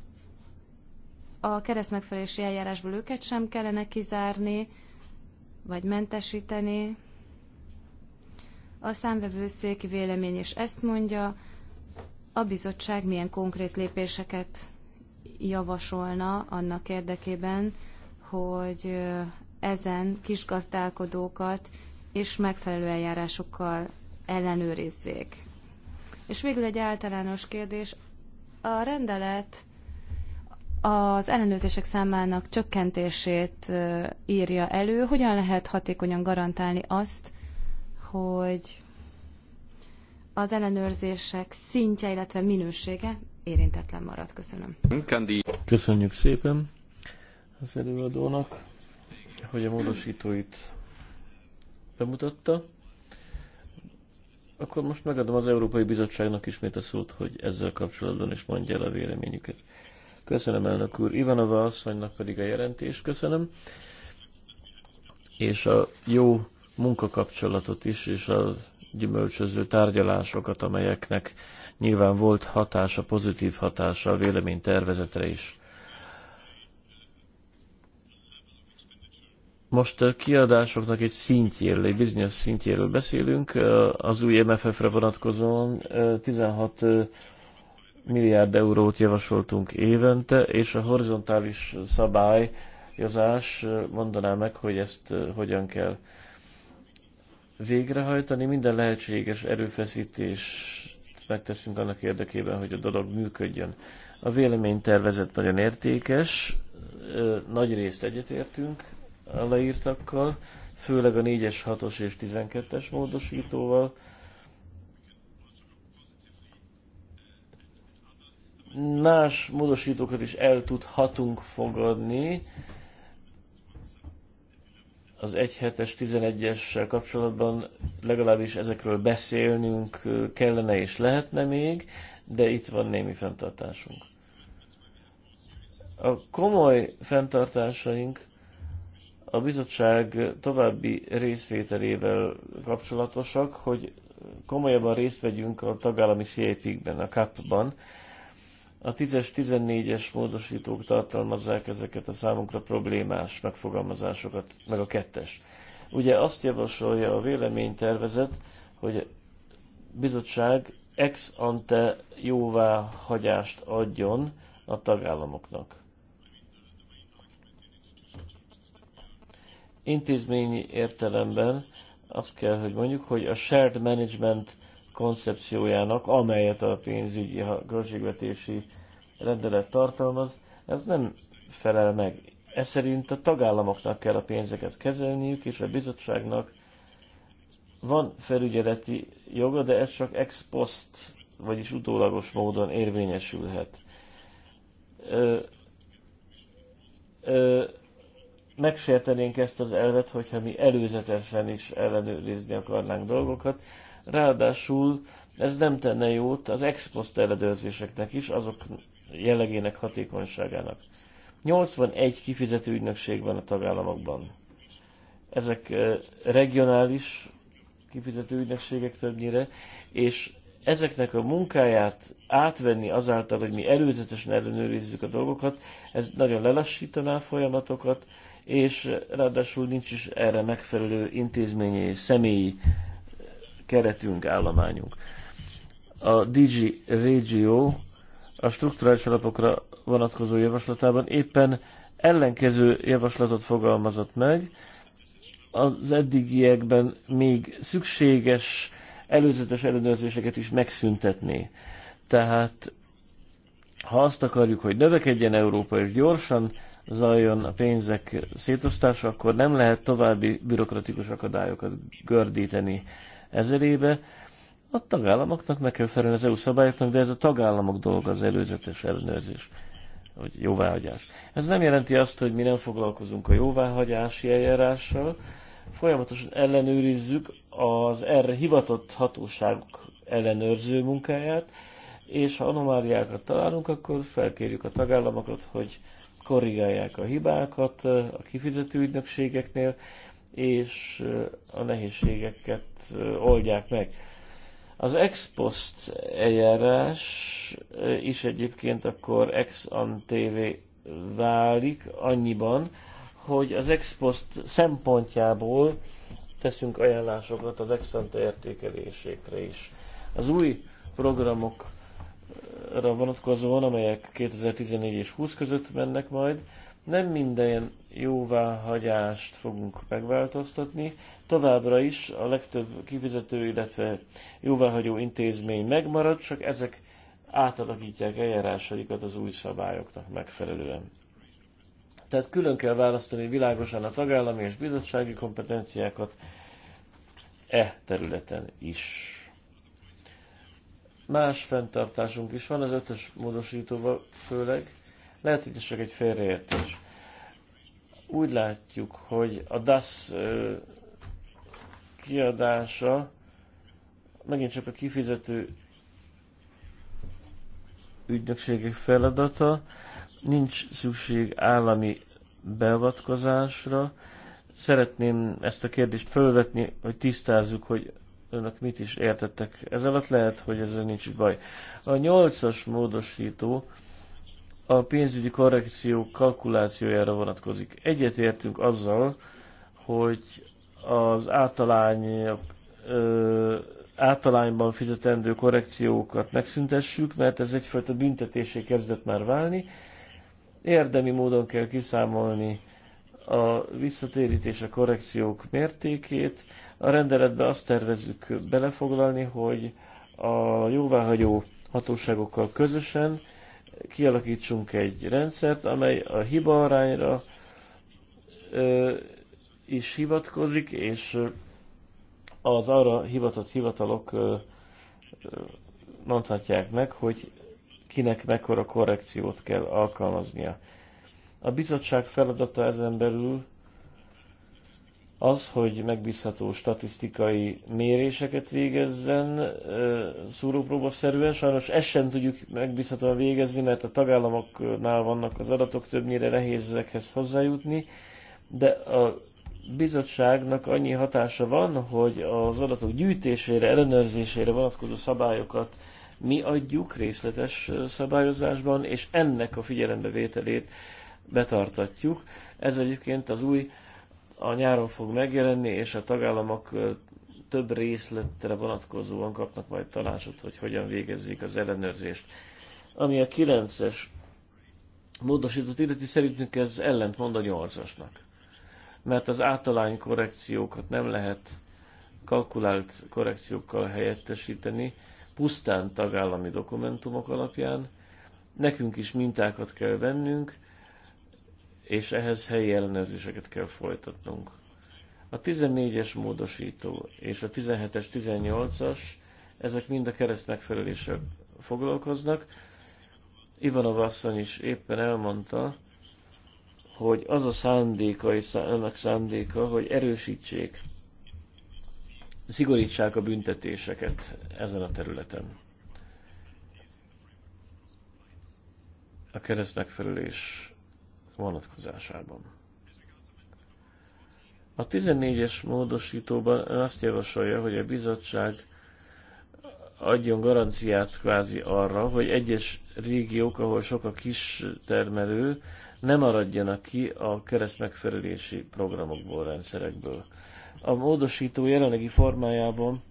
a keresztmegfelelési eljárásból őket sem kellene kizárni, vagy mentesíteni. A számvevőszék vélemény is ezt mondja, a bizottság milyen konkrét lépéseket javasolna annak érdekében, hogy ezen kisgazdálkodókat és megfelelő eljárásokkal ellenőrizzék. És végül egy általános kérdés. A rendelet az ellenőrzések számának csökkentését írja elő. Hogyan lehet hatékonyan garantálni azt, hogy az ellenőrzések szintje, illetve minősége érintetlen marad? Köszönöm. Köszönjük szépen az előadónak hogy a módosítóit bemutatta. Akkor most megadom az Európai Bizottságnak ismét a szót, hogy ezzel kapcsolatban is mondja el a véleményüket. Köszönöm, elnök úr. Ivanova asszonynak pedig a jelentést köszönöm, és a jó munkakapcsolatot is, és a gyümölcsöző tárgyalásokat, amelyeknek nyilván volt hatása, pozitív hatása a tervezetre is. most a kiadásoknak egy szintjéről, egy bizonyos szintjéről beszélünk, az új MFF-re vonatkozóan 16 milliárd eurót javasoltunk évente, és a horizontális szabályozás mondaná meg, hogy ezt hogyan kell végrehajtani. Minden lehetséges erőfeszítést megteszünk annak érdekében, hogy a dolog működjön. A véleménytervezet nagyon értékes, nagy részt egyetértünk leírtakkal, főleg a 4-es, 6-os és 12-es módosítóval. Más módosítókat is el tudhatunk fogadni, az 1.7-es, 11-essel kapcsolatban legalábbis ezekről beszélnünk kellene és lehetne még, de itt van némi fenntartásunk. A komoly fenntartásaink a bizottság további részvételével kapcsolatosak, hogy komolyabban részt vegyünk a tagállami CIP-ben, a CAP-ban. A 10-es, 14-es módosítók tartalmazzák ezeket a számunkra problémás megfogalmazásokat, meg a kettes. Ugye azt javasolja a véleménytervezet, hogy a bizottság ex ante jóváhagyást adjon a tagállamoknak. Intézményi értelemben azt kell, hogy mondjuk, hogy a shared management koncepciójának, amelyet a pénzügyi a költségvetési rendelet tartalmaz, ez nem felel meg. Ez szerint a tagállamoknak kell a pénzeket kezelniük, és a bizottságnak van felügyeleti joga, de ez csak ex post, vagyis utólagos módon érvényesülhet. Ö, ö, megsértenénk ezt az elvet, hogyha mi előzetesen is ellenőrizni akarnánk dolgokat. Ráadásul ez nem tenne jót az ex post ellenőrzéseknek is, azok jellegének hatékonyságának. 81 kifizető ügynökség van a tagállamokban. Ezek regionális kifizető ügynökségek többnyire, és ezeknek a munkáját átvenni azáltal, hogy mi előzetesen ellenőrizzük a dolgokat, ez nagyon lelassítaná a folyamatokat, és ráadásul nincs is erre megfelelő intézményi és személyi keretünk, állományunk. A DG Regio a strukturális alapokra vonatkozó javaslatában éppen ellenkező javaslatot fogalmazott meg, az eddigiekben még szükséges előzetes ellenőrzéseket is megszüntetné. Tehát ha azt akarjuk, hogy növekedjen Európa és gyorsan, zajjon a pénzek szétosztása, akkor nem lehet további bürokratikus akadályokat gördíteni ezerébe. A tagállamoknak meg kell felelni az EU szabályoknak, de ez a tagállamok dolga az előzetes ellenőrzés, hogy jóváhagyás. Ez nem jelenti azt, hogy mi nem foglalkozunk a jóváhagyási eljárással, folyamatosan ellenőrizzük az erre hivatott hatóságok ellenőrző munkáját, és ha anomáliákat találunk, akkor felkérjük a tagállamokat, hogy korrigálják a hibákat a kifizető ügynökségeknél, és a nehézségeket oldják meg. Az ex post eljárás is egyébként akkor ex TV válik annyiban, hogy az ex post szempontjából teszünk ajánlásokat az ex ante értékelésékre is. Az új programok vonatkozóan, amelyek 2014 és 20 között mennek majd, nem minden jóváhagyást fogunk megváltoztatni. Továbbra is a legtöbb kifizető, illetve jóváhagyó intézmény megmarad, csak ezek átalakítják eljárásaikat az új szabályoknak megfelelően. Tehát külön kell választani világosan a tagállami és bizottsági kompetenciákat e területen is. Más fenntartásunk is van, az ötös módosítóval főleg. Lehet, hogy ez csak egy félreértés. Úgy látjuk, hogy a DAS kiadása megint csak a kifizető ügynökségek feladata, nincs szükség állami beavatkozásra. Szeretném ezt a kérdést felvetni, hogy tisztázzuk, hogy önök mit is értettek. Ez alatt lehet, hogy ezzel nincs is baj. A nyolcas módosító a pénzügyi korrekció kalkulációjára vonatkozik. Egyetértünk azzal, hogy az általány, ö, általányban fizetendő korrekciókat megszüntessük, mert ez egyfajta büntetésé kezdett már válni. Érdemi módon kell kiszámolni a visszatérítés a korrekciók mértékét, a rendeletbe azt tervezzük belefoglalni, hogy a jóváhagyó hatóságokkal közösen kialakítsunk egy rendszert, amely a hiba arányra ö, is hivatkozik, és az arra hivatott hivatalok ö, ö, mondhatják meg, hogy kinek mekkora korrekciót kell alkalmaznia. A bizottság feladata ezen belül az, hogy megbízható statisztikai méréseket végezzen szerűen, Sajnos ezt sem tudjuk megbízhatóan végezni, mert a tagállamoknál vannak az adatok, többnyire nehéz ezekhez hozzájutni, de a bizottságnak annyi hatása van, hogy az adatok gyűjtésére, ellenőrzésére vonatkozó szabályokat mi adjuk részletes szabályozásban, és ennek a figyelembevételét betartatjuk. Ez egyébként az új a nyáron fog megjelenni, és a tagállamok több részletre vonatkozóan kapnak majd tanácsot, hogy hogyan végezzék az ellenőrzést. Ami a 9-es módosított illeti szerintünk ez ellentmond a 8-asnak. Mert az általány korrekciókat nem lehet kalkulált korrekciókkal helyettesíteni, pusztán tagállami dokumentumok alapján. Nekünk is mintákat kell vennünk, és ehhez helyi ellenőrzéseket kell folytatnunk. A 14-es módosító és a 17-es, 18-as, ezek mind a kereszt megfeleléssel foglalkoznak. Ivanov asszony is éppen elmondta, hogy az a szándéka és ennek szándéka, hogy erősítsék, szigorítsák a büntetéseket ezen a területen. A kereszt megfelelés vonatkozásában. A 14-es módosítóban azt javasolja, hogy a bizottság adjon garanciát kvázi arra, hogy egyes régiók, ahol sok a kis termelő, nem maradjanak ki a keresztmegfelelési programokból, rendszerekből. A módosító jelenlegi formájában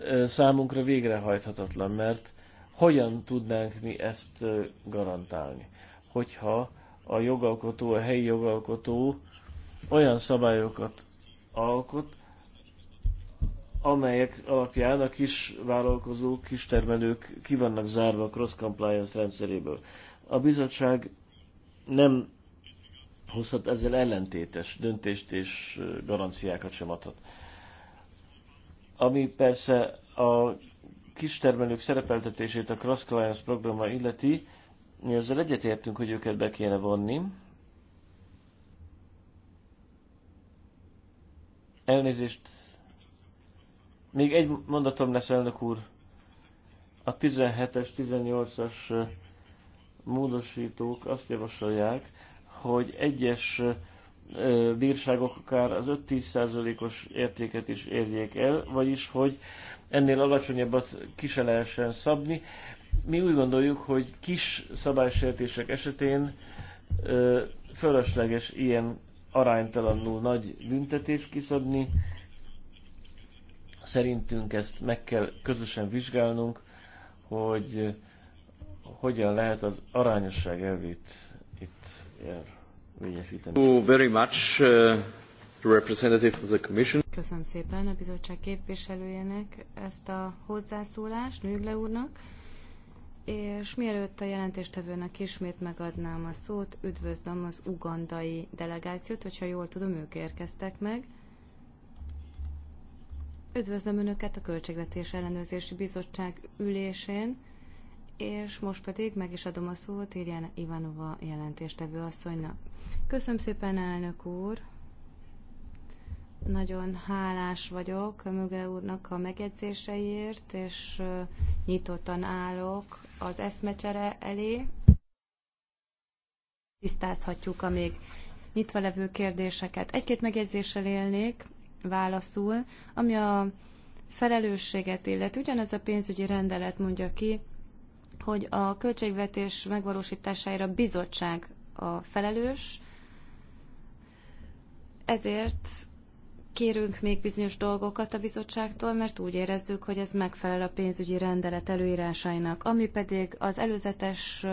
e, e, számunkra végrehajthatatlan, mert hogyan tudnánk mi ezt e, garantálni? hogyha a jogalkotó, a helyi jogalkotó olyan szabályokat alkot, amelyek alapján a kis vállalkozók, kis termelők ki vannak zárva a cross compliance rendszeréből. A bizottság nem hozhat ezzel ellentétes döntést és garanciákat sem adhat. Ami persze a kis termelők szerepeltetését a Cross compliance programmal illeti, mi ezzel egyetértünk, hogy őket be kéne vonni. Elnézést. Még egy mondatom lesz, elnök úr. A 17-es, 18-as módosítók azt javasolják, hogy egyes bírságok akár az 5-10%-os értéket is érjék el, vagyis hogy ennél alacsonyabbat ki se lehessen szabni mi úgy gondoljuk, hogy kis szabálysértések esetén ö, fölösleges ilyen aránytalanul nagy büntetést kiszabni. Szerintünk ezt meg kell közösen vizsgálnunk, hogy hogyan lehet az arányosság elvét itt érvényesíteni. Oh, very much, uh, the representative of the commission. Köszönöm szépen a bizottság képviselőjének ezt a hozzászólást, Nőgle úrnak és mielőtt a jelentéstevőnek ismét megadnám a szót, üdvözlöm az ugandai delegációt, hogyha jól tudom, ők érkeztek meg. Üdvözlöm Önöket a Költségvetés Ellenőrzési Bizottság ülésén, és most pedig meg is adom a szót Irjana Ivanova jelentéstevő asszonynak. Köszönöm szépen, elnök úr! Nagyon hálás vagyok Möge úrnak a megjegyzéseiért, és nyitottan állok az eszmecsere elé. Tisztázhatjuk a még nyitva levő kérdéseket. Egy-két megjegyzéssel élnék válaszul, ami a felelősséget illet. Ugyanez a pénzügyi rendelet mondja ki, hogy a költségvetés megvalósítására bizottság a felelős, ezért kérünk még bizonyos dolgokat a bizottságtól, mert úgy érezzük, hogy ez megfelel a pénzügyi rendelet előírásainak. Ami pedig az előzetes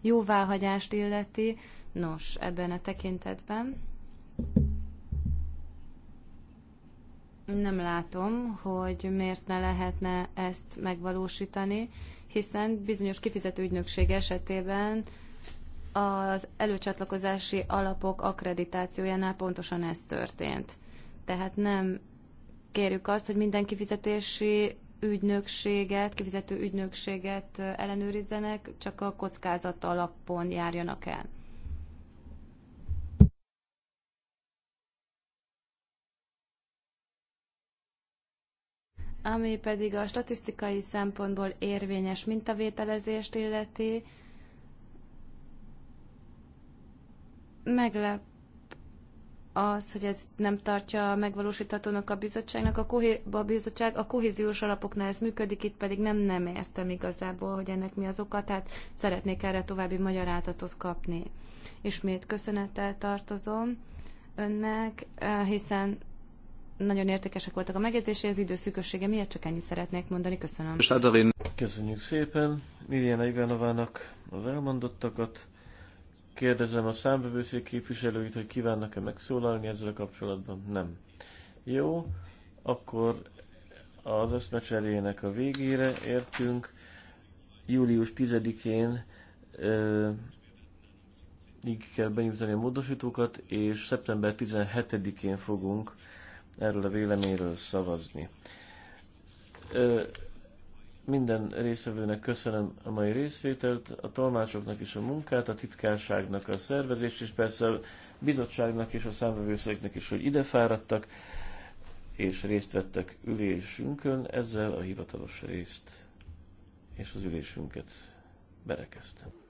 jóváhagyást illeti, nos, ebben a tekintetben nem látom, hogy miért ne lehetne ezt megvalósítani, hiszen bizonyos kifizető ügynökség esetében az előcsatlakozási alapok akkreditációjánál pontosan ez történt tehát nem kérjük azt, hogy minden kifizetési ügynökséget, kifizető ügynökséget ellenőrizzenek, csak a kockázat alapon járjanak el. Ami pedig a statisztikai szempontból érvényes mintavételezést illeti, meglep az, hogy ez nem tartja megvalósíthatónak a bizottságnak, a, kohé- a bizottság a kohéziós alapoknál ez működik, itt pedig nem, nem értem igazából, hogy ennek mi az oka, tehát szeretnék erre további magyarázatot kapni. Ismét köszönettel tartozom önnek, eh, hiszen nagyon értékesek voltak a megjegyzése, az idő szűkössége miért csak ennyi szeretnék mondani. Köszönöm. Köszönjük szépen Miriana Ivanovának az elmondottakat. Kérdezem a számbevőszék képviselőit, hogy kívánnak-e megszólalni ezzel a kapcsolatban? Nem. Jó, akkor az eszmecserének a végére értünk. Július 10-én így kell benyújtani a módosítókat, és szeptember 17-én fogunk erről a véleményről szavazni. Ö, minden résztvevőnek köszönöm a mai részvételt, a tolmácsoknak is a munkát, a titkárságnak a szervezést, és persze a bizottságnak és a számvevőszéknek is, hogy ide fáradtak, és részt vettek ülésünkön, ezzel a hivatalos részt és az ülésünket berekeztem.